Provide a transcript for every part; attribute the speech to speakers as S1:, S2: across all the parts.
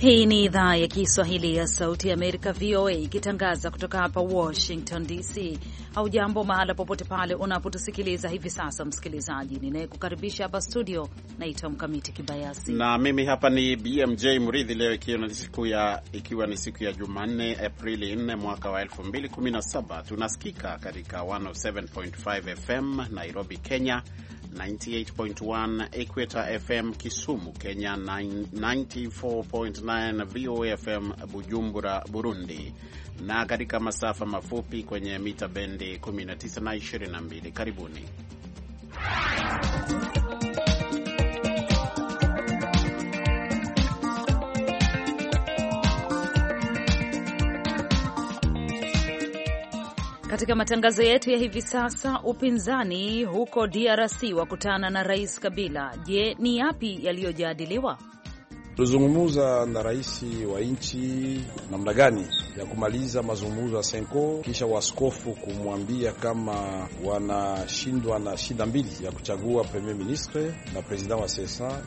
S1: Hii ni idhaa ya Kiswahili ya Sauti ya Amerika, VOA, ikitangaza kutoka hapa Washington DC. Haujambo mahala popote pale unapotusikiliza hivi sasa, msikilizaji. Ninayekukaribisha hapa studio naitwa Mkamiti Kibayasi
S2: na mimi hapa ni BMJ Mridhi. Leo ikiwa ni siku ya ikiwa ni siku ya Jumanne, Aprili 4 mwaka wa 2017, tunasikika katika 107.5 FM Nairobi, Kenya, 98.1 Equator FM Kisumu, Kenya, 94.9 VOA FM Bujumbura, Burundi, na katika masafa mafupi kwenye mita bendi 19 na 22. Karibuni
S1: Katika matangazo yetu ya hivi sasa, upinzani huko DRC wakutana na Rais Kabila. Je, ni yapi yaliyojadiliwa?
S2: Tulizungumza
S3: na rais wa nchi namna gani ya kumaliza mazungumzo ya Senko, kisha waskofu kumwambia kama wanashindwa na shida mbili ya
S2: kuchagua premier ministre na president wa sesa,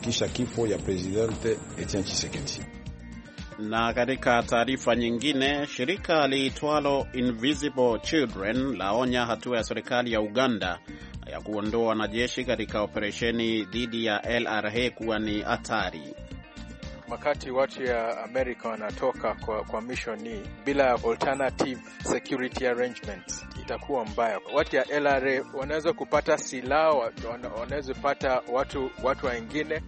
S2: kisha
S3: kifo ya presidente
S2: Etienne Tshisekedi. Na katika taarifa nyingine, shirika liitwalo Invisible Children laonya hatua ya serikali ya Uganda ya kuondoa wanajeshi katika operesheni dhidi ya LRA kuwa ni hatari.
S4: Wakati watu ya Amerika wanatoka kwa, kwa mishoni bila alternative security arrangements itakuwa mbaya. Watu ya LRA wanaweza kupata silaha, wanaweza kupata watu watu wengine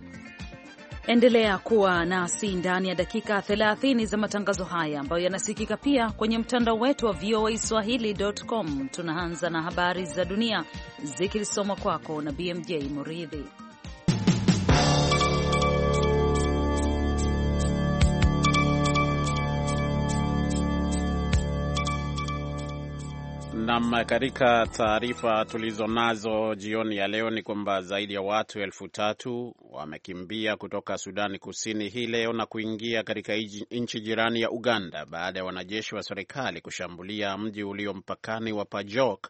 S1: Endelea kuwa nasi ndani ya dakika 30 za matangazo haya ambayo yanasikika pia kwenye mtandao wetu wa VOA Swahili.com. Tunaanza na habari za dunia zikisomwa kwako na BMJ Muridhi.
S2: Nam, katika taarifa tulizonazo jioni ya leo ni kwamba zaidi ya watu elfu tatu wamekimbia kutoka Sudani Kusini hii leo na kuingia katika nchi jirani ya Uganda baada ya wanajeshi wa serikali kushambulia mji ulio mpakani wa Pajok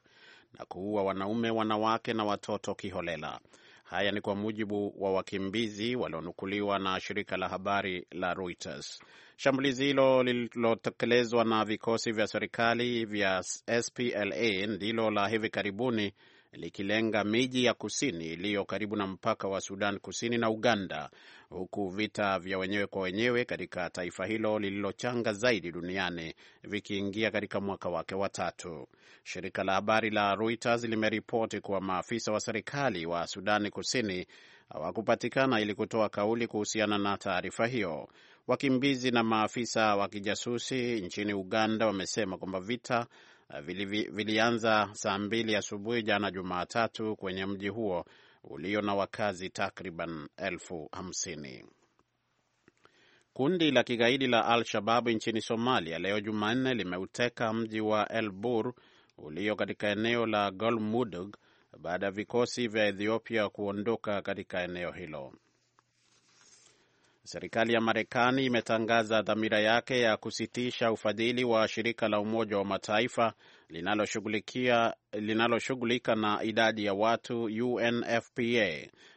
S2: na kuua wanaume, wanawake na watoto kiholela. Haya ni kwa mujibu wa wakimbizi walionukuliwa na shirika la habari la Reuters. Shambulizi hilo lililotekelezwa na vikosi vya serikali vya SPLA ndilo la hivi karibuni likilenga miji ya kusini iliyo karibu na mpaka wa Sudan Kusini na Uganda, huku vita vya wenyewe kwa wenyewe katika taifa hilo lililochanga zaidi duniani vikiingia katika mwaka wake wa tatu. Shirika la habari la Reuters limeripoti kuwa maafisa wa serikali wa Sudani Kusini hawakupatikana ili kutoa kauli kuhusiana na taarifa hiyo. Wakimbizi na maafisa wa kijasusi nchini Uganda wamesema kwamba vita Eh, vilianza saa mbili asubuhi jana Jumatatu kwenye mji huo ulio na wakazi takriban elfu hamsini. Kundi la kigaidi la Al-Shababu nchini Somalia leo Jumanne limeuteka mji wa El Bur ulio katika eneo la Galmudug baada ya vikosi vya Ethiopia kuondoka katika eneo hilo. Serikali ya Marekani imetangaza dhamira yake ya kusitisha ufadhili wa shirika la Umoja wa Mataifa linaloshughulikia linaloshughulika na idadi ya watu UNFPA.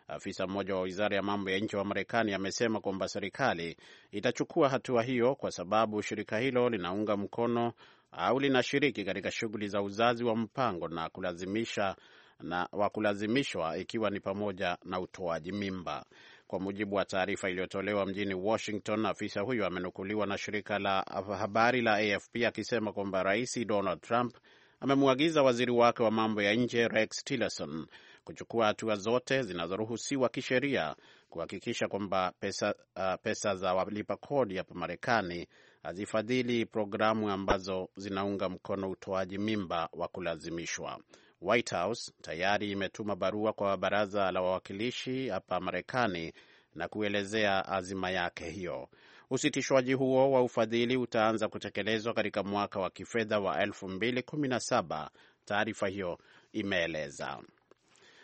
S2: Afisa mmoja wa wizara ya mambo ya nje wa Marekani amesema kwamba serikali itachukua hatua hiyo kwa sababu shirika hilo linaunga mkono au linashiriki katika shughuli za uzazi wa mpango na kulazimisha na wa kulazimishwa ikiwa ni pamoja na utoaji mimba. Kwa mujibu wa taarifa iliyotolewa mjini Washington, afisa huyo amenukuliwa na shirika la habari la AFP akisema kwamba Rais Donald Trump amemwagiza waziri wake wa mambo ya nje Rex Tillerson kuchukua hatua zote zinazoruhusiwa kisheria kuhakikisha kwamba pesa, uh, pesa za walipa kodi hapa Marekani hazifadhili programu ambazo zinaunga mkono utoaji mimba wa kulazimishwa. White House tayari imetuma barua kwa baraza la wawakilishi hapa Marekani na kuelezea azima yake hiyo. Usitishwaji huo wa ufadhili utaanza kutekelezwa katika mwaka wa kifedha wa 2017, taarifa hiyo imeeleza.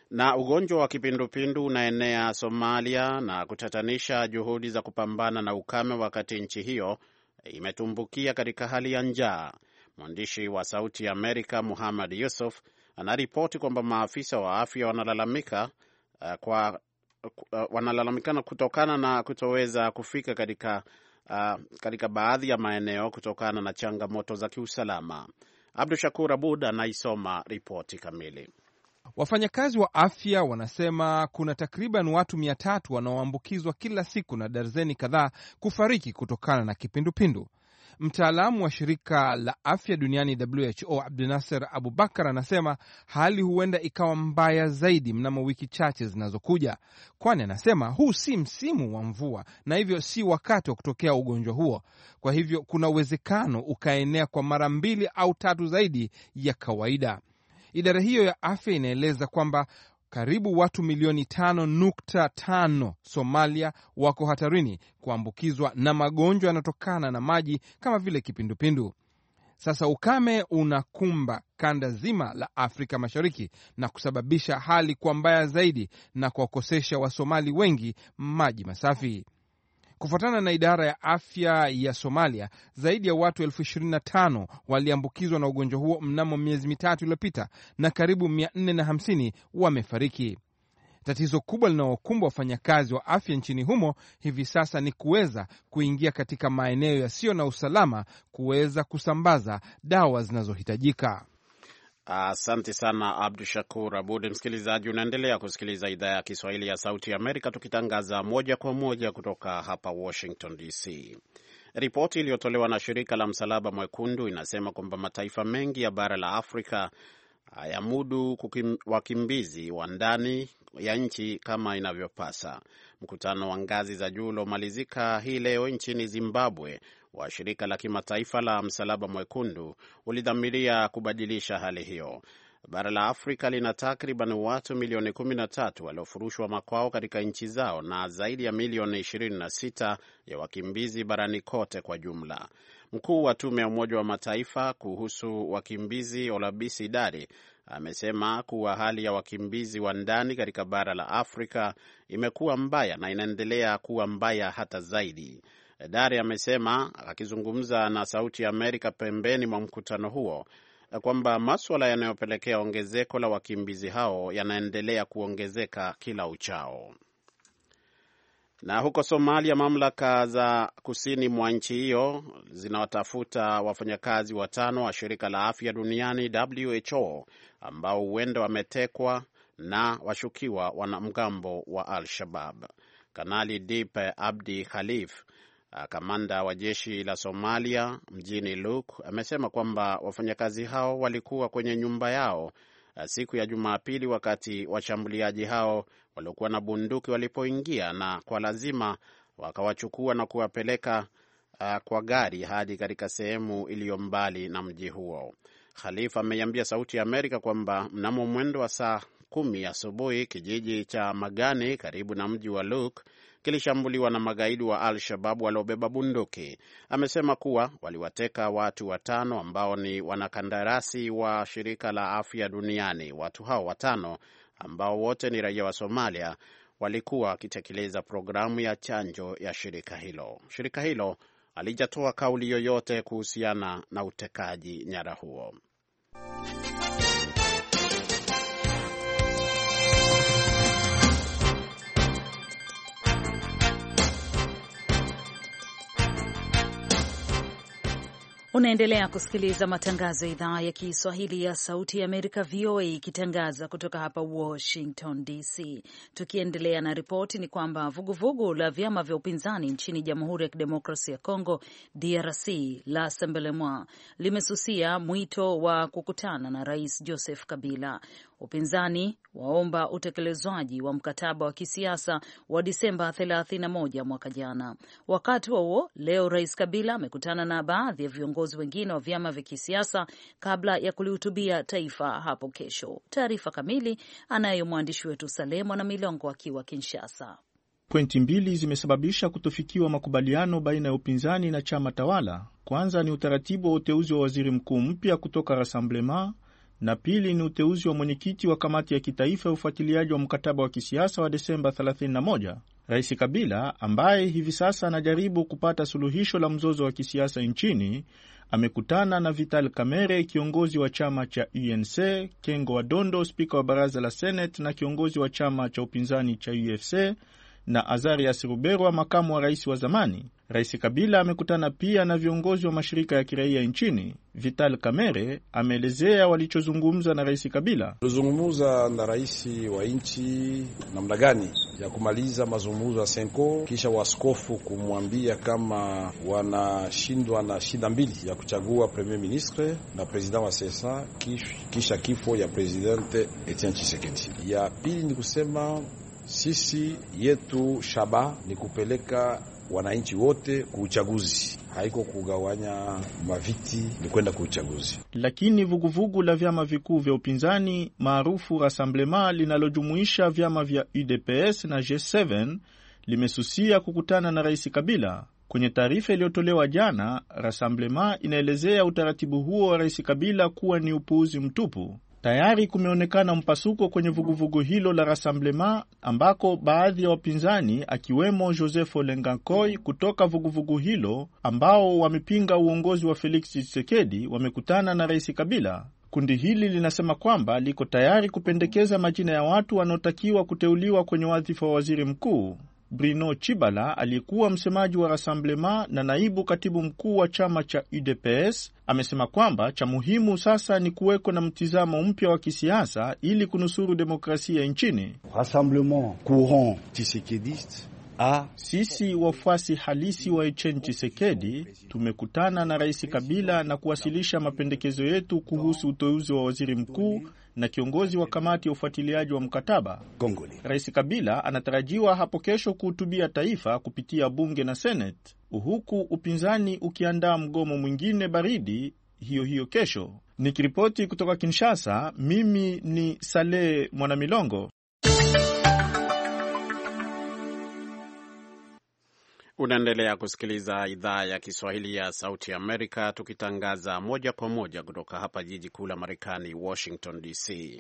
S2: Na ugonjwa wa kipindupindu unaenea Somalia na kutatanisha juhudi za kupambana na ukame, wakati nchi hiyo imetumbukia katika hali ya njaa. Mwandishi wa Sauti ya Amerika Muhammad Yusuf anaripoti kwamba maafisa wa afya wanalalamika uh, kwa uh, wanalalamikana kutokana na kutoweza kufika katika uh, katika baadhi ya maeneo kutokana na changamoto za kiusalama. Abdu Shakur Abud anaisoma ripoti kamili.
S3: Wafanyakazi wa afya wanasema kuna takriban watu mia tatu wanaoambukizwa kila siku na darzeni kadhaa kufariki kutokana na kipindupindu. Mtaalamu wa shirika la afya duniani WHO Abdunasir Abubakar anasema hali huenda ikawa mbaya zaidi mnamo wiki chache zinazokuja, kwani anasema huu si msimu wa mvua na hivyo si wakati wa kutokea ugonjwa huo. Kwa hivyo kuna uwezekano ukaenea kwa mara mbili au tatu zaidi ya kawaida. Idara hiyo ya afya inaeleza kwamba karibu watu milioni 5.5 Somalia wako hatarini kuambukizwa na magonjwa yanayotokana na maji kama vile kipindupindu. Sasa ukame unakumba kanda zima la Afrika Mashariki na kusababisha hali kuwa mbaya zaidi na kuwakosesha Wasomali wengi maji masafi. Kufuatana na idara ya afya ya Somalia, zaidi ya watu elfu ishirini na tano waliambukizwa na ugonjwa huo mnamo miezi mitatu iliyopita na karibu 450 wamefariki. Tatizo kubwa linaokumbwa wafanyakazi wa afya nchini humo hivi sasa ni kuweza kuingia katika maeneo yasiyo na usalama kuweza kusambaza dawa zinazohitajika.
S2: Asante uh, sana Abdu Shakur Abud. Msikilizaji, unaendelea kusikiliza idhaa ya Kiswahili ya Sauti ya Amerika, tukitangaza moja kwa moja kutoka hapa Washington DC. Ripoti iliyotolewa na shirika la Msalaba Mwekundu inasema kwamba mataifa mengi ya bara la Afrika hayamudu wakimbizi wa ndani ya nchi kama inavyopasa. Mkutano wa ngazi za juu uliomalizika hii leo nchini Zimbabwe wa shirika la kimataifa la Msalaba Mwekundu ulidhamiria kubadilisha hali hiyo. Bara la Afrika lina takriban watu milioni 13 waliofurushwa makwao katika nchi zao na zaidi ya milioni 26 ya wakimbizi barani kote kwa jumla. Mkuu wa tume ya Umoja wa Mataifa kuhusu wakimbizi Olabisi Dari amesema kuwa hali ya wakimbizi wa ndani katika bara la Afrika imekuwa mbaya na inaendelea kuwa mbaya hata zaidi. Dari amesema akizungumza na Sauti ya Amerika pembeni mwa mkutano huo kwamba maswala yanayopelekea ongezeko la wakimbizi hao yanaendelea kuongezeka kila uchao. Na huko Somalia, mamlaka za kusini mwa nchi hiyo zinawatafuta wafanyakazi watano wa shirika la afya duniani WHO ambao huenda wametekwa na washukiwa wanamgambo wa Al Shabab. Kanali Dip Abdi Khalif Uh, kamanda wa jeshi la Somalia mjini Luke amesema kwamba wafanyakazi hao walikuwa kwenye nyumba yao uh, siku ya Jumapili wakati washambuliaji hao waliokuwa na bunduki walipoingia na kwa lazima wakawachukua na kuwapeleka uh, kwa gari hadi katika sehemu iliyo mbali na mji huo. Khalifa ameiambia Sauti ya Amerika kwamba mnamo mwendo wa saa kumi asubuhi kijiji cha Magani karibu na mji wa luk kilishambuliwa na magaidi wa Al Shabab waliobeba bunduki. Amesema kuwa waliwateka watu watano ambao ni wanakandarasi wa shirika la afya duniani. Watu hao watano ambao wote ni raia wa Somalia walikuwa wakitekeleza programu ya chanjo ya shirika hilo. Shirika hilo alijatoa kauli yoyote kuhusiana na utekaji nyara huo.
S1: Unaendelea kusikiliza matangazo ya idhaa ya Kiswahili ya Sauti ya Amerika, VOA, ikitangaza kutoka hapa Washington DC. Tukiendelea na ripoti, ni kwamba vuguvugu la vyama vya upinzani nchini Jamhuri ya Kidemokrasi ya Kongo, DRC, la Semblemoi limesusia mwito wa kukutana na Rais Joseph Kabila. Upinzani waomba utekelezwaji wa mkataba wa kisiasa wa Disemba 31 mwaka jana. Wakati huo leo Rais Kabila amekutana na baadhi ya viongozi viongozi wengine wa vyama vya kisiasa kabla ya kulihutubia taifa hapo kesho. Taarifa kamili anayo mwandishi wetu Salemo na Milongo akiwa Kinshasa.
S5: Pointi mbili zimesababisha kutofikiwa makubaliano baina ya upinzani na chama tawala. Kwanza ni utaratibu wa uteuzi wa waziri mkuu mpya kutoka Rassemblement na pili ni uteuzi wa mwenyekiti wa kamati ya kitaifa ya ufuatiliaji wa mkataba wa kisiasa wa Desemba Rais Kabila ambaye hivi sasa anajaribu kupata suluhisho la mzozo wa kisiasa nchini amekutana na Vital Kamerhe, kiongozi wa chama cha UNC, Kengo Wadondo, spika wa baraza la Seneti na kiongozi wa chama cha upinzani cha UFC na Azarias Ruberwa, makamu wa rais wa zamani. Rais Kabila amekutana pia na viongozi wa mashirika ya kiraia nchini. Vital Kamerhe ameelezea walichozungumza na rais Kabila. Tulizungumza na rais wa nchi namna gani ya kumaliza mazungumzo ya Senko kisha waskofu kumwambia
S3: kama wanashindwa na shida mbili ya kuchagua premier ministre na president wa sesa kisha kifo ya presidente Etienne Tshisekedi. Ya pili ni kusema sisi yetu shaba ni kupeleka wananchi wote ku uchaguzi, haiko kugawanya maviti, ni kwenda ku uchaguzi.
S5: Lakini vuguvugu la vyama vikuu vya upinzani maarufu Rassemblement linalojumuisha vyama vya UDPS na G7 limesusia kukutana na Rais Kabila. Kwenye taarifa iliyotolewa jana, Rassemblement inaelezea utaratibu huo wa Rais Kabila kuwa ni upuuzi mtupu Tayari kumeonekana mpasuko kwenye vuguvugu hilo la Rassemblement ambako baadhi ya wapinzani akiwemo Joseph Olengankoi kutoka vuguvugu hilo ambao wamepinga uongozi wa Felix Tshisekedi wamekutana na Rais Kabila. Kundi hili linasema kwamba liko tayari kupendekeza majina ya watu wanaotakiwa kuteuliwa kwenye wadhifa wa waziri mkuu. Bruno Chibala aliyekuwa msemaji wa Rassemblement na naibu katibu mkuu wa chama cha UDPS amesema kwamba cha muhimu sasa ni kuweko na mtizamo mpya wa kisiasa ili kunusuru demokrasia nchini.
S2: Rassemblement courant
S5: a sisi wafuasi halisi wa Etienne chisekedi tumekutana na Rais Kabila na kuwasilisha mapendekezo yetu kuhusu uteuzi wa waziri mkuu na kiongozi wa kamati ya ufuatiliaji wa mkataba Gongoli. Rais Kabila anatarajiwa hapo kesho kuhutubia taifa kupitia bunge na seneti huku upinzani ukiandaa mgomo mwingine baridi hiyo hiyo kesho. Nikiripoti kutoka Kinshasa, mimi ni Saleh Mwanamilongo.
S2: Unaendelea kusikiliza idhaa ya Kiswahili ya Sauti Amerika, tukitangaza moja kwa moja kutoka hapa jiji kuu la Marekani, Washington DC.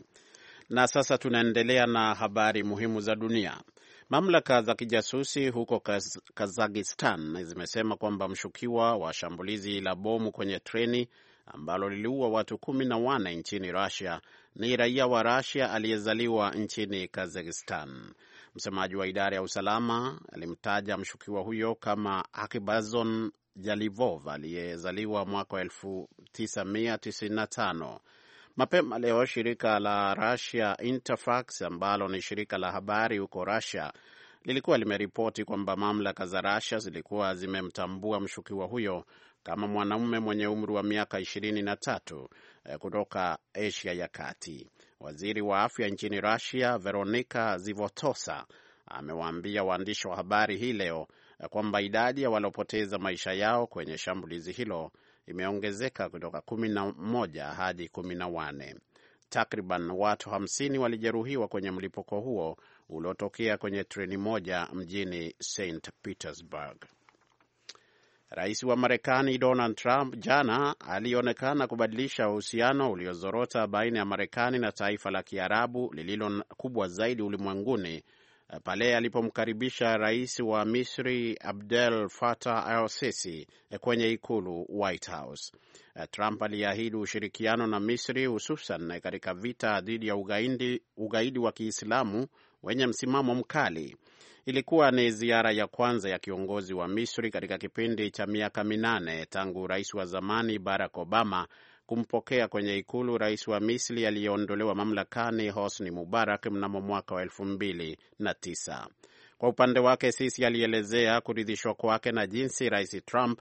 S2: Na sasa tunaendelea na habari muhimu za dunia. Mamlaka za kijasusi huko Kazakistan zimesema kwamba mshukiwa wa shambulizi la bomu kwenye treni ambalo liliua watu kumi na wane nchini Rusia ni raia wa Rusia aliyezaliwa nchini Kazakistan. Msemaji wa idara ya usalama alimtaja mshukiwa huyo kama Akibazon Jalivov aliyezaliwa mwaka wa 1995. Mapema leo shirika la Russia Interfax ambalo ni shirika la habari huko Russia lilikuwa limeripoti kwamba mamlaka za Russia zilikuwa zimemtambua mshukiwa huyo kama mwanaume mwenye umri wa miaka ishirini na tatu eh, kutoka Asia ya Kati. Waziri wa afya nchini Russia Veronika Zivotosa amewaambia waandishi wa habari hii leo kwamba idadi ya waliopoteza maisha yao kwenye shambulizi hilo imeongezeka kutoka kumi na moja hadi kumi na wane Takriban watu hamsini walijeruhiwa kwenye mlipuko huo uliotokea kwenye treni moja mjini St Petersburg. Rais wa Marekani Donald Trump jana alionekana kubadilisha uhusiano uliozorota baina ya Marekani na taifa la Kiarabu lililo kubwa zaidi ulimwenguni eh, pale alipomkaribisha rais wa Misri Abdel Fattah al-Sisi eh, kwenye ikulu White House. Eh, Trump aliahidi ushirikiano na Misri hususan katika vita dhidi ya ugaidi, ugaidi wa Kiislamu wenye msimamo mkali. Ilikuwa ni ziara ya kwanza ya kiongozi wa Misri katika kipindi cha miaka minane tangu rais wa zamani Barack Obama kumpokea kwenye ikulu rais wa Misri aliyeondolewa mamlakani Hosni Mubarak mnamo mwaka wa elfu mbili na tisa. Kwa upande wake, Sisi alielezea kuridhishwa kwake na jinsi rais Trump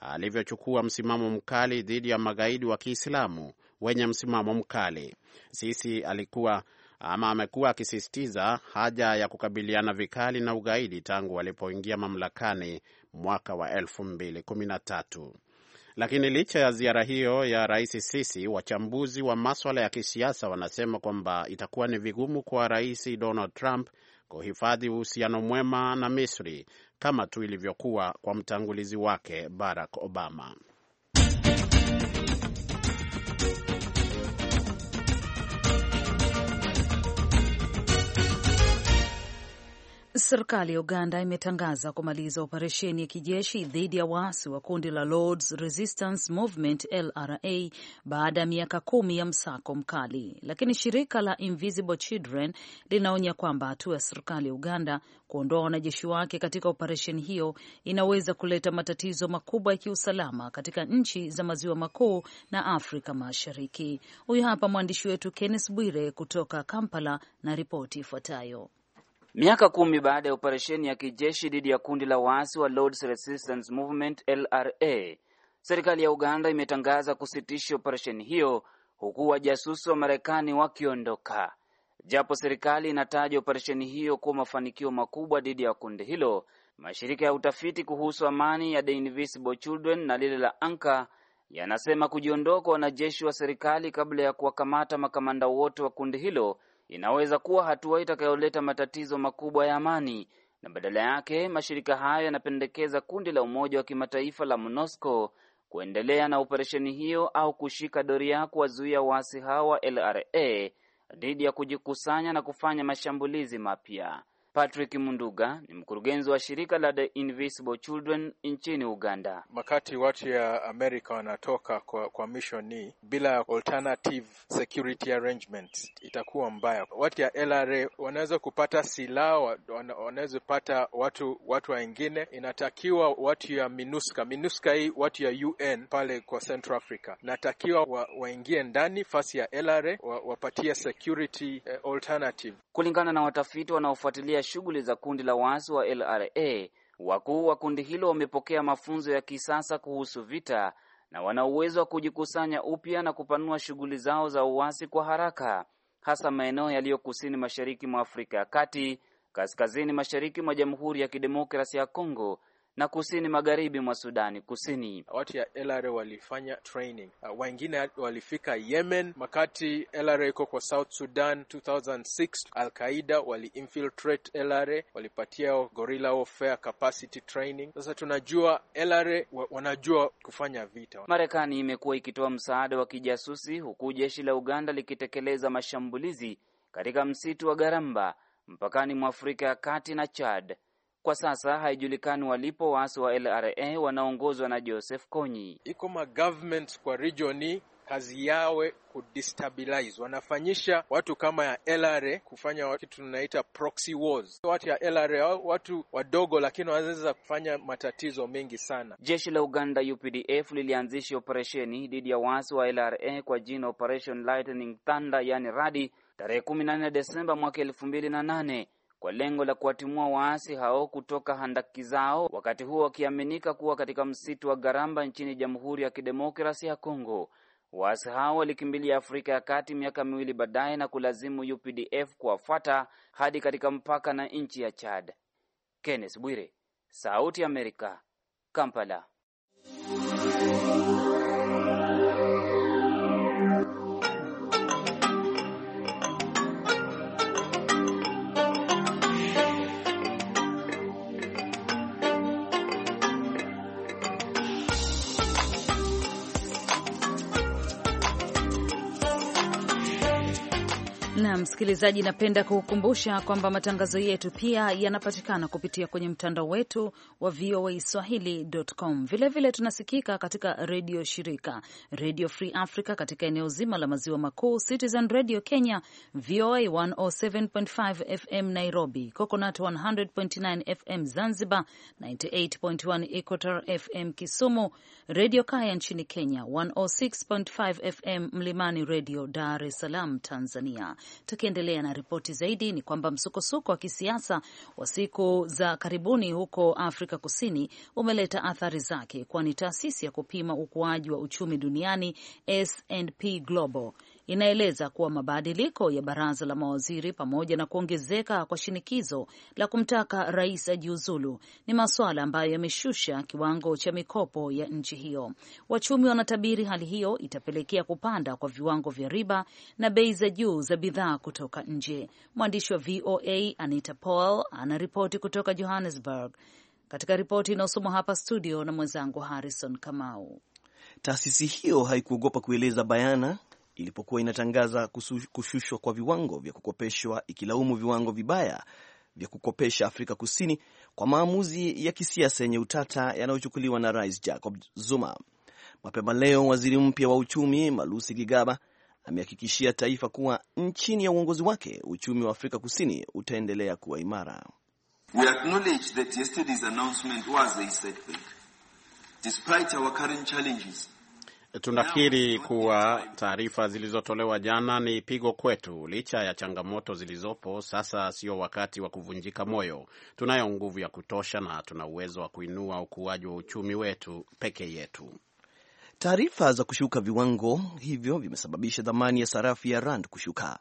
S2: alivyochukua msimamo mkali dhidi ya magaidi wa Kiislamu wenye msimamo mkali. Sisi alikuwa ama amekuwa akisisitiza haja ya kukabiliana vikali na ugaidi tangu walipoingia mamlakani mwaka wa 2013. Lakini licha ya ziara hiyo ya Rais Sisi, wachambuzi wa maswala ya kisiasa wanasema kwamba itakuwa ni vigumu kwa Rais Donald Trump kuhifadhi uhusiano mwema na Misri kama tu ilivyokuwa kwa mtangulizi wake Barack Obama.
S1: Serikali ya Uganda imetangaza kumaliza operesheni ya kijeshi dhidi ya waasi wa kundi la Lords Resistance Movement LRA baada ya miaka kumi ya msako mkali, lakini shirika la Invisible Children linaonya kwamba hatua ya serikali ya Uganda kuondoa wanajeshi wake katika operesheni hiyo inaweza kuleta matatizo makubwa ya kiusalama katika nchi za maziwa makuu na Afrika Mashariki. Huyu hapa mwandishi wetu Kenneth Bwire kutoka Kampala na ripoti ifuatayo.
S6: Miaka kumi baada ya operesheni ya kijeshi dhidi ya kundi la waasi wa Lords Resistance Movement LRA, serikali ya Uganda imetangaza kusitisha operesheni hiyo huku wajasusi wa Marekani wakiondoka. Japo serikali inataja operesheni hiyo kuwa mafanikio makubwa dhidi ya kundi hilo, mashirika ya utafiti kuhusu amani ya The Invisible Children na lile la Anka yanasema kujiondoa kwa wanajeshi wa serikali kabla ya kuwakamata makamanda wote wa kundi hilo inaweza kuwa hatua itakayoleta matatizo makubwa ya amani, na badala yake mashirika hayo yanapendekeza kundi la Umoja wa Kimataifa la MONUSCO kuendelea na operesheni hiyo au kushika doria kuwazuia waasi hawa LRA dhidi ya kujikusanya na kufanya mashambulizi mapya. Patrick Munduga ni mkurugenzi wa shirika la The Invisible Children nchini Uganda.
S4: Wakati watu ya Amerika wanatoka kwa, kwa mishoni bila alternative security arrangement itakuwa mbaya. Watu ya LRA wanaweza kupata silaha, wanaweza kupata watu watu wengine. Inatakiwa watu ya MINUSCA, MINUSCA hii watu ya UN pale kwa Central Africa natakiwa waingie
S6: wa ndani fasi ya LRA wapatie security eh, alternative kulingana na watafiti wanaofuatilia shughuli za kundi la waasi wa LRA. Wakuu wa kundi hilo wamepokea mafunzo ya kisasa kuhusu vita na wana uwezo wa kujikusanya upya na kupanua shughuli zao za uasi kwa haraka, hasa maeneo yaliyo kusini mashariki mwa Afrika ya Kati, kaskazini mashariki mwa Jamhuri ya Kidemokrasia ya Kongo na kusini magharibi mwa Sudani Kusini.
S4: Watu ya LRA walifanya training, uh, wengine walifika Yemen wakati LRA iko kwa South Sudan 2006. Al Qaida waliinfiltrate LRA, walipatia gorilla warfare capacity training. Sasa tunajua
S6: LRA wa, wanajua kufanya vita. Marekani imekuwa ikitoa msaada wa kijasusi huku jeshi la Uganda likitekeleza mashambulizi katika msitu wa Garamba mpakani mwa Afrika ya Kati na Chad. Kwa sasa haijulikani walipo waasi wa LRA wanaongozwa na Joseph Kony. Iko ma kwa regioni kazi yawe
S4: kudestabilize, wanafanyisha watu kama ya LRA kufanya kitu tunaita proxy wars. Watu ya LRA watu wadogo, lakini wanaweza kufanya matatizo mengi
S6: sana. Jeshi la Uganda UPDF lilianzisha operesheni dhidi ya waasi wa LRA kwa jina Operation Lightning Thunder, yani radi, tarehe 14 Desemba mwaka nane kwa lengo la kuwatimua waasi hao kutoka handaki zao, wakati huo wakiaminika kuwa katika msitu wa Garamba nchini Jamhuri ya Kidemokrasi ya Kongo. Waasi hao walikimbilia Afrika ya Kati miaka miwili baadaye na kulazimu UPDF kuwafuata hadi katika mpaka na nchi ya Chad. Kenneth Bwire, Sauti ya Amerika, Kampala.
S1: msikilizaji, napenda kukukumbusha kwamba matangazo yetu pia yanapatikana kupitia kwenye mtandao wetu wa VOA Swahili.com. Vilevile tunasikika katika redio shirika, Redio Free Africa katika eneo zima la maziwa makuu, Citizen Radio Kenya, VOA 107.5 FM Nairobi, Coconut 100.9 FM Zanzibar, 98.1 Equator FM Kisumu, Redio Kaya nchini Kenya 106.5 FM, Mlimani Redio Dar es Salaam Tanzania. Tukiendelea na ripoti zaidi, ni kwamba msukosuko wa kisiasa wa siku za karibuni huko Afrika Kusini umeleta athari zake, kwani taasisi ya kupima ukuaji wa uchumi duniani S&P Global inaeleza kuwa mabadiliko ya baraza la mawaziri pamoja na kuongezeka kwa shinikizo la kumtaka rais ajiuzulu ni masuala ambayo yameshusha kiwango cha mikopo ya nchi hiyo. Wachumi wanatabiri hali hiyo itapelekea kupanda kwa viwango vya riba na bei za juu za bidhaa kutoka nje. Mwandishi wa VOA Anita Powell anaripoti kutoka Johannesburg, katika ripoti inayosomwa hapa studio na mwenzangu Harrison Kamau.
S7: Taasisi hiyo haikuogopa kueleza bayana ilipokuwa inatangaza kushushwa kwa viwango vya kukopeshwa, ikilaumu viwango vibaya vya kukopesha Afrika Kusini kwa maamuzi ya kisiasa yenye utata yanayochukuliwa na Rais Jacob Zuma. Mapema leo waziri mpya wa uchumi Malusi Gigaba amehakikishia taifa kuwa chini ya uongozi wake uchumi wa Afrika Kusini utaendelea kuwa imara.
S4: We acknowledge that yesterday's announcement was a setback.
S3: Despite our current challenges,
S2: tunakiri kuwa taarifa zilizotolewa jana ni pigo kwetu. Licha ya changamoto zilizopo sasa, sio wakati wa kuvunjika moyo. Tunayo nguvu ya kutosha na tuna uwezo wa kuinua ukuaji wa uchumi wetu peke yetu.
S7: Taarifa za kushuka viwango hivyo vimesababisha thamani ya sarafu ya rand kushuka.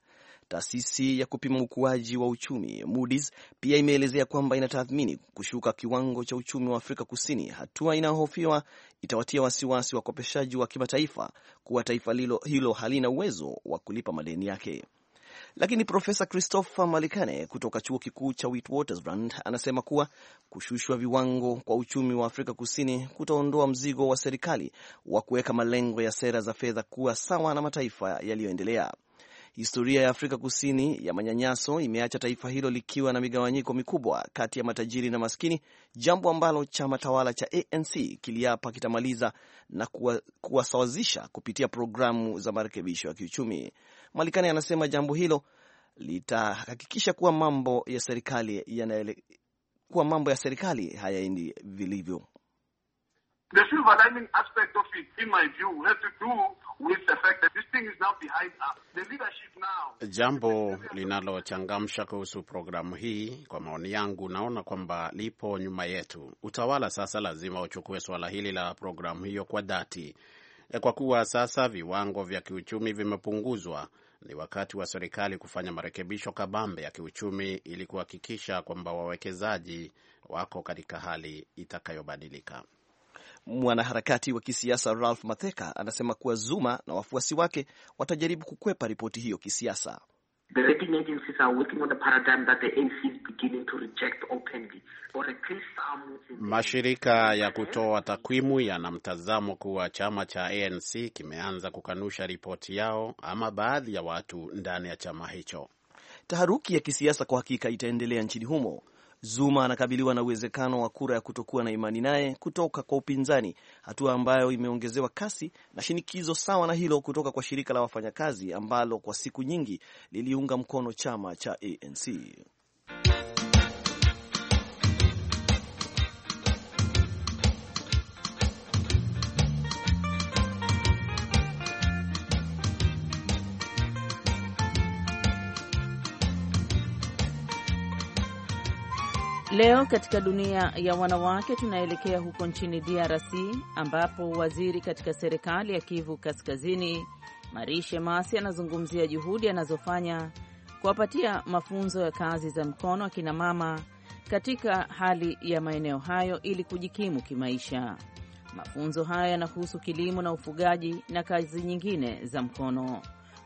S7: Taasisi ya kupima ukuaji wa uchumi Moody's pia imeelezea kwamba inatathmini kushuka kiwango cha uchumi wa Afrika Kusini, hatua inayohofiwa itawatia wasiwasi wakopeshaji wa kimataifa kuwa taifa hilo, hilo halina uwezo wa kulipa madeni yake. Lakini Profesa Christopher Malikane kutoka chuo kikuu cha Witwatersrand anasema kuwa kushushwa viwango kwa uchumi wa Afrika Kusini kutaondoa mzigo wa serikali wa kuweka malengo ya sera za fedha kuwa sawa na mataifa yaliyoendelea. Historia ya Afrika Kusini ya manyanyaso imeacha taifa hilo likiwa na migawanyiko mikubwa kati ya matajiri na maskini, jambo ambalo chama tawala cha ANC kiliapa kitamaliza na kuwasawazisha kuwa kupitia programu za marekebisho ya kiuchumi. malikani anasema jambo hilo litahakikisha kuwa mambo ya serikali yanaele, kuwa mambo ya serikali hayaendi vilivyo.
S2: jambo linalochangamsha kuhusu programu hii, kwa maoni yangu, naona kwamba lipo nyuma yetu. Utawala sasa lazima uchukue suala hili la programu hiyo kwa dhati, e, kwa kuwa sasa viwango vya kiuchumi vimepunguzwa. Ni wakati wa serikali kufanya marekebisho kabambe ya kiuchumi ili
S7: kuhakikisha kwamba wawekezaji wako katika hali itakayobadilika. Mwanaharakati wa kisiasa Ralph Matheka anasema kuwa Zuma na wafuasi wake watajaribu kukwepa ripoti hiyo kisiasa. Um, Mashirika ya kutoa
S2: um, takwimu yana mtazamo kuwa chama cha ANC kimeanza kukanusha ripoti
S7: yao ama baadhi ya watu ndani ya chama hicho. Taharuki ya kisiasa kwa hakika itaendelea nchini humo Zuma anakabiliwa na uwezekano wa kura ya kutokuwa na imani naye kutoka kwa upinzani, hatua ambayo imeongezewa kasi na shinikizo sawa na hilo kutoka kwa shirika la wafanyakazi ambalo kwa siku nyingi liliunga mkono chama cha ANC.
S1: Leo katika dunia ya wanawake tunaelekea huko nchini DRC ambapo waziri katika serikali ya Kivu Kaskazini Marishe Masi anazungumzia juhudi anazofanya kuwapatia mafunzo ya kazi za mkono akina mama katika hali ya maeneo hayo ili kujikimu kimaisha. Mafunzo hayo yanahusu kilimo na ufugaji na kazi nyingine za mkono.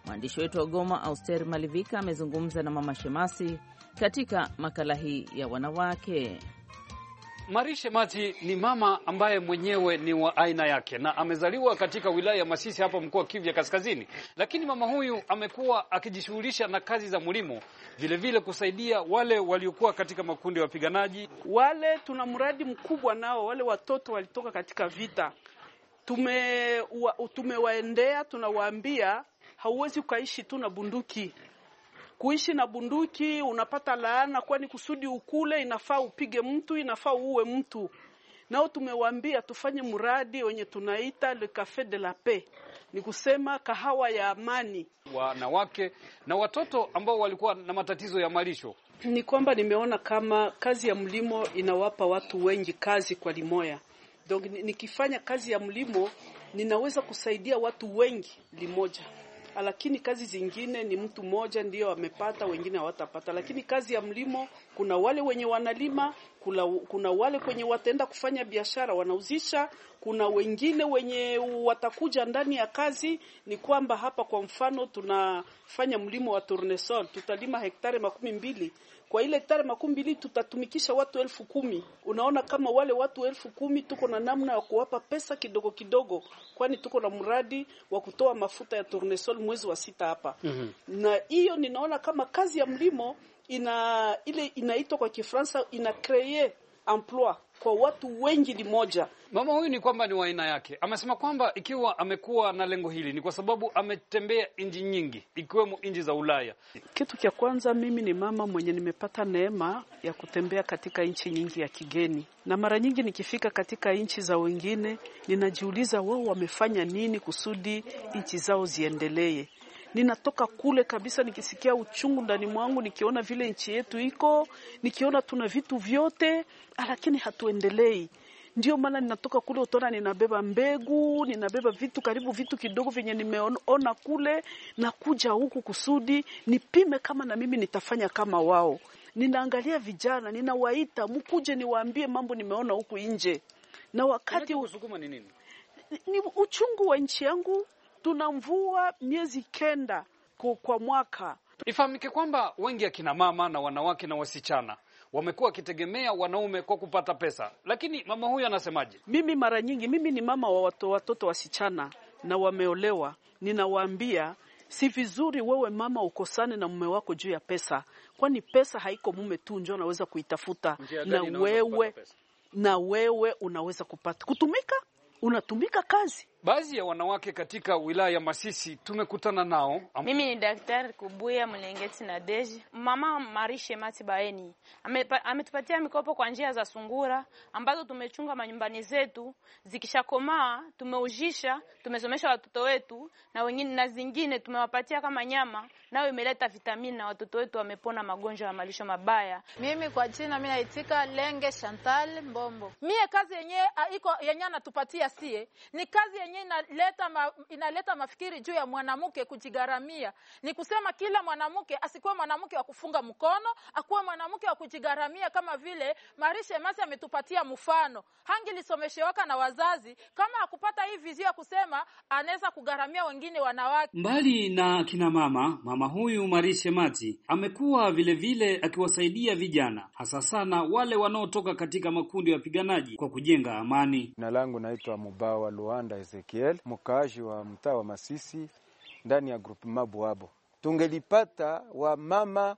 S1: Mwandishi wetu wa Goma Auster Malivika amezungumza na mama Shemasi katika makala hii ya wanawake.
S8: Marishe Mati ni mama ambaye mwenyewe ni wa aina yake na amezaliwa katika wilaya ya Masisi hapa mkoa wa Kivu ya Kaskazini, lakini mama huyu amekuwa akijishughulisha na kazi za mlimo, vilevile kusaidia wale
S9: waliokuwa katika makundi ya wapiganaji wale. Tuna mradi mkubwa nao, wale watoto walitoka katika vita, tumewaendea, tunawaambia hauwezi ukaishi tu na bunduki Kuishi na bunduki unapata laana, kwani kusudi ukule inafaa upige mtu, inafaa uue mtu. Nao tumewaambia tufanye mradi wenye tunaita le cafe de la paix, ni kusema kahawa ya amani. Wanawake na
S8: watoto ambao walikuwa na matatizo ya malisho,
S9: ni kwamba nimeona kama kazi ya mlimo inawapa watu wengi kazi kwa limoya. Donc nikifanya kazi ya mlimo ninaweza kusaidia watu wengi limoja lakini kazi zingine ni mtu mmoja ndio amepata, wengine hawatapata. Lakini kazi ya mlimo, kuna wale wenye wanalima, kuna, kuna wale kwenye wataenda kufanya biashara wanauzisha, kuna wengine wenye watakuja ndani ya kazi. Ni kwamba hapa kwa mfano tunafanya mlimo wa tournesol, tutalima hektari makumi mbili kwa ile hektari makumi mbili tutatumikisha watu elfu kumi. Unaona kama wale watu elfu kumi tuko na namna ya kuwapa pesa kidogo kidogo, kwani tuko na mradi wa kutoa mafuta ya tournesol mwezi wa sita hapa mm -hmm. na hiyo ninaona kama kazi ya mlimo ina ile inaitwa kwa Kifaransa ina cree emploi kwa watu wengi ni moja. Mama
S8: huyu ni kwamba ni wa aina yake. Amesema kwamba ikiwa amekuwa na lengo hili ni kwa sababu ametembea nchi nyingi ikiwemo nchi za Ulaya.
S9: Kitu cha kwanza, mimi ni mama mwenye nimepata neema ya kutembea katika nchi nyingi ya kigeni, na mara nyingi nikifika katika nchi za wengine ninajiuliza wao wamefanya nini kusudi nchi zao ziendelee ninatoka kule kabisa nikisikia uchungu ndani mwangu, nikiona vile nchi yetu iko, nikiona tuna vitu vyote ah, lakini hatuendelei. Ndio maana ninatoka kule, utaona ninabeba mbegu, ninabeba vitu karibu vitu kidogo vyenye nimeona kule, nakuja huku kusudi nipime kama na mimi nitafanya kama wao. Ninaangalia vijana, ninawaita mkuje, niwaambie mambo nimeona huku nje, na wakati ni, ni uchungu wa nchi yangu tuna mvua miezi kenda kwa mwaka.
S8: Ifahamike kwamba wengi akina mama na wanawake na wasichana
S9: wamekuwa wakitegemea wanaume kwa kupata pesa, lakini mama huyu anasemaje? Mimi mara nyingi, mimi ni mama wa watoto, watoto wasichana na wameolewa, ninawaambia si vizuri wewe mama ukosane na mume wako juu ya pesa, kwani pesa haiko mume tu njo anaweza kuitafuta na wewe, na wewe unaweza kupata kutumika, unatumika kazi
S8: Baadhi ya wanawake katika wilaya ya Masisi tumekutana nao. Mimi ni
S1: Daktari Kubuya Mlengeti na Deji. Mama Marishe Matibaeni ametupatia mikopo kwa njia za sungura ambazo tumechunga manyumbani zetu, zikishakomaa tumeujisha, tumesomesha watoto wetu na wengine, na zingine tumewapatia kama nyama, nayo imeleta vitamini na watoto wetu wamepona magonjwa ya malisho mabaya.
S9: Mimi kwa jina mimi naitika Lenge Chantal Mbombo. Mie kazi yenyewe iko yenyewe anatupatia sie ni kazi yenye yenye inaleta ma, inaleta mafikiri juu ya mwanamke kujigaramia ni kusema kila mwanamke asikuwe mwanamke wa kufunga mkono akuwe mwanamke wa kujigaramia kama vile Marisha Masi ametupatia mfano hangi lisomeshewaka na wazazi kama hakupata hii vizio ya kusema anaweza kugaramia wengine wanawake mbali
S8: na kina mama mama huyu Marisha Mati amekuwa vile vile akiwasaidia vijana hasa sana wale wanaotoka katika makundi ya wapiganaji kwa kujenga amani jina
S3: langu naitwa Mubawa Luanda Ezekiel Ezekiel, mkaaji wa mtaa wa Masisi ndani ya grupu Mabuabo. Tungelipata wamama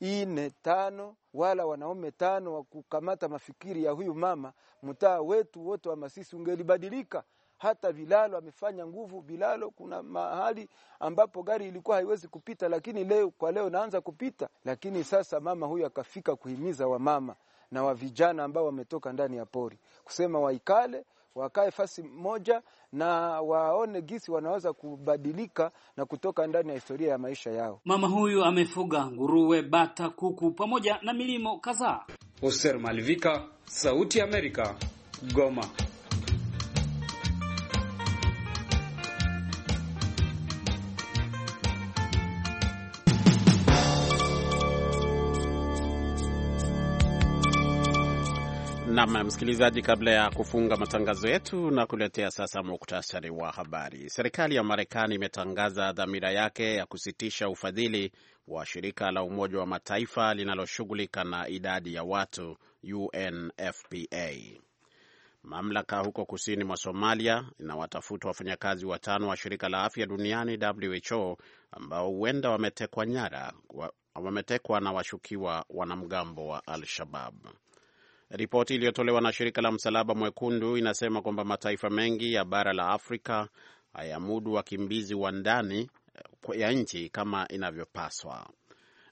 S3: ine tano wala wanaume tano wa kukamata mafikiri ya huyu mama, mtaa wetu wote wa Masisi ungelibadilika. Hata vilalo amefanya nguvu vilalo. Kuna mahali ambapo gari ilikuwa haiwezi kupita, lakini leo kwa leo naanza kupita. Lakini sasa mama huyu akafika kuhimiza wamama na wa vijana ambao wametoka ndani ya pori kusema waikale wakae fasi moja na waone gisi wanaweza kubadilika na kutoka ndani ya historia ya maisha yao. Mama
S8: huyu amefuga nguruwe, bata, kuku pamoja na milimo kadhaa. Hoser Malivika, Sauti ya Amerika, Goma.
S2: Nam msikilizaji, kabla ya kufunga matangazo yetu na kuletea sasa muktasari wa habari. Serikali ya Marekani imetangaza dhamira yake ya kusitisha ufadhili wa shirika la Umoja wa Mataifa linaloshughulika na idadi ya watu UNFPA. Mamlaka huko kusini mwa Somalia inawatafuta wafanyakazi watano wa shirika la afya duniani WHO ambao huenda wametekwa nyara, wametekwa na washukiwa wanamgambo wa Al-Shabab. Ripoti iliyotolewa na shirika la Msalaba Mwekundu inasema kwamba mataifa mengi ya bara la Afrika hayamudu wakimbizi wa ndani eh, ya nchi kama inavyopaswa.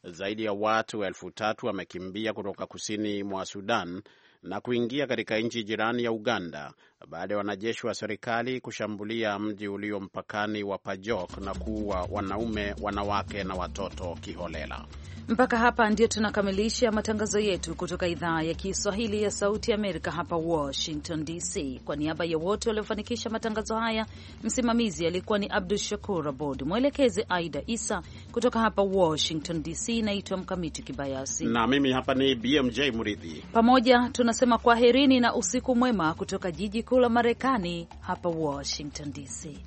S2: Zaidi ya watu elfu tatu wamekimbia kutoka kusini mwa Sudan na kuingia katika nchi jirani ya Uganda baada ya wanajeshi wa serikali kushambulia mji ulio mpakani wa Pajok na kuua wanaume, wanawake na watoto kiholela.
S1: Mpaka hapa ndio tunakamilisha matangazo yetu kutoka idhaa ya Kiswahili ya Sauti Amerika hapa Washington DC. Kwa niaba ya wote waliofanikisha matangazo haya, msimamizi alikuwa ni Abdu Shakur Abod, mwelekezi Aida Isa. Kutoka hapa Washington DC, naitwa Mkamiti Kibayasi na
S2: mimi hapa ni BMJ mridhi
S1: Pamoja tunasema kwaherini na usiku mwema kutoka jiji kuu la Marekani hapa Washington DC.